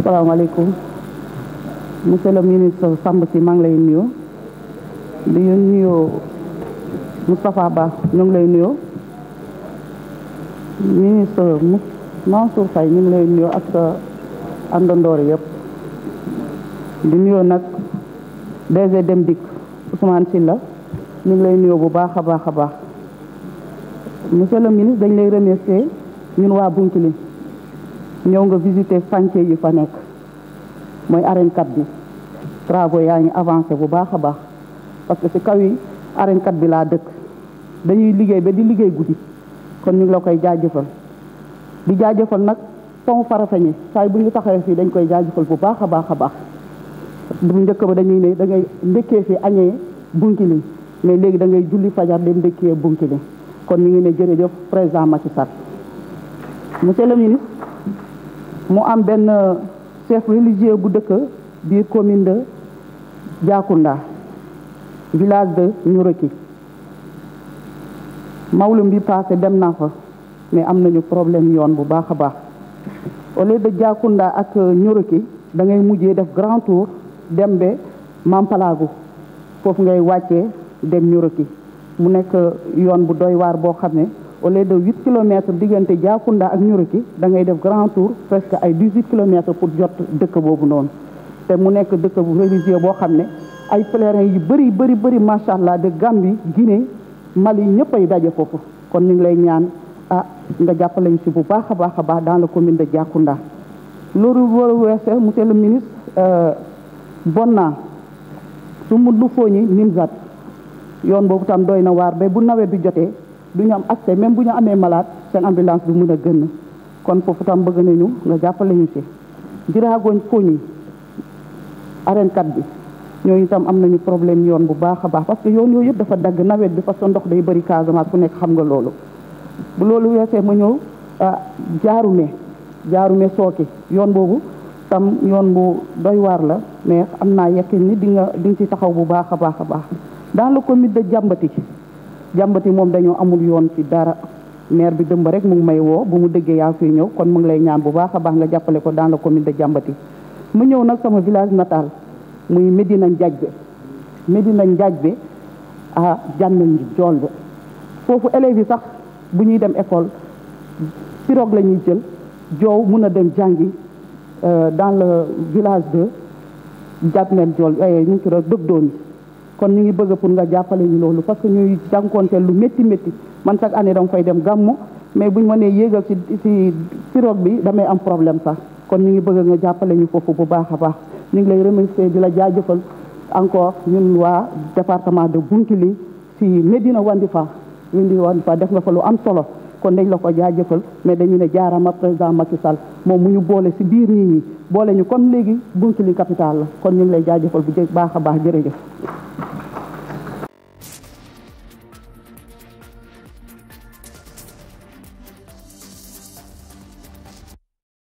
asalaamaaleykum monsieur le ministre Samba Sy maa ngi lay nuyu di nuyu Moustapha Ba ñu ngi lay nuyu ministre Mansour Faye ñu ngi lay nuyu ak sa àndandoor yëpp di nuyu nag DG Dem Dikk si la ñu ngi lay nuyu bu baax a baax a baax monsieur le ministre dañ lay remercier ñun waa Bounkiling ñëw nga visiter fanké yi fa nek moy arène 4 bi travaux yaa ngi avancé bu baaxa baax parce que ci kaw yi arène 4 bi la dëkk dañuy liggéey ba di liggéey guddi kon ñu ngi la koy jaajëfal di jaajëfal nag pont Farafeñe saay bu ñu taxawee fi dañ koy jaajëfal bu baaxa baaxa baax a baax bu njëkk ba dañuy né da ngay ndéké fi añee Bounkiling mais légui da ngay julli fajar dem ndékkee Bounkiling kon ñu ngi ne jërëjëf président Macky Sall monsieur le ministre mu am benn chef religieux bu dëkk biir commune de Diakounda village de Nioroki mawlum bi passé dem naa fa mais am nañu problème yoon bu baax a baax au de Diakounda ak Nioroki da ngay mujjee def grand tour dem be Mampalaagu foofu ngay wàcce dem Nioroki mu nekk yoon bu doy waar boo xam ne au lieu de huit kilomètres diggante Diakounda ak Nioroki da ngay def grand tour presque ay dix-huit kilomètres pour jot dëkk boobu noonu te mu nekk dëkk bu religieux boo xam ne ay pèlerins yu bëri bëri bëri macha allah de Gambie Guinée Mali ñëpp ay daje foofu kon ñu ngi lay ñaan ah nga jàppale ñu si bu baax a baax a baax dans la commune de Diakounda. loolu loolu weesoo monsieur le ministre euh, bon naa su mu lu fooñi Nimzat yoon boobu tam doy na waar ba bu nawet bi jotee. du ñu am accès même bu ñu amee malade seen ambulance du mën a gën kon foofu tam bëgg nañu nga jàppale ñu ci jiraagoñ koñi arenkat bi ñooñu tam am nañu problème yoon bu baax a baax parce que yoon yooyu yëpp dafa dagg nawet bi fa que ndox day bëri casement ku nekk xam nga loolu bu loolu weesee ma ñëw jaaru ah, jaarume sooki yoon boobu tam yoon bu doy waar la mais am naa yekkin ni di nga di ci taxaw bu baax a baax a baax dans le comité de jambati jàmbat yi moom dañoo amul yoon ci dara maire bi dëmb rek mu ngi may woo bu mu dëggee yaa fi ñëw kon mu ngi lay ñaan bu baax a baax nga jàppale ko dans la commune de Diambati mu ñëw nag sama village natal muy Médina Ndiadjé Médina Ndiadjé ah jànn jool ba foofu élèves yi sax bu ñuy dem école pirogue la ñuy jël joow mun a dem jàngi euh, dans le village de Diatmen Jool ñu ngi ci doon doon kon ñu ngi bëgg pour nga jàppale ñu loolu parce que ñuy jànkoonte lu métti métti man chaque année dama fay dem gàmmu mais bu ñu mënee yéegal ci ci pirogue bi damay am problème sax kon ñu ngi bëgg nga jàppale ñu foofu bu baax a baax ñu ngi lay remercier di la jaajëfal encore ñun waa département de Bounkiling ci Medina Wandifa Medina Wandifa def nga fa lu am solo kon dañ la ko jaajëfal mais dañu ne jaarama président Macky sal moom mu ñu boole ci biir nit ñi boole ñu comme léegi Bounkiling capitale la kon ñu ngi lay jaajëfal bu baax a baax jërëjëf.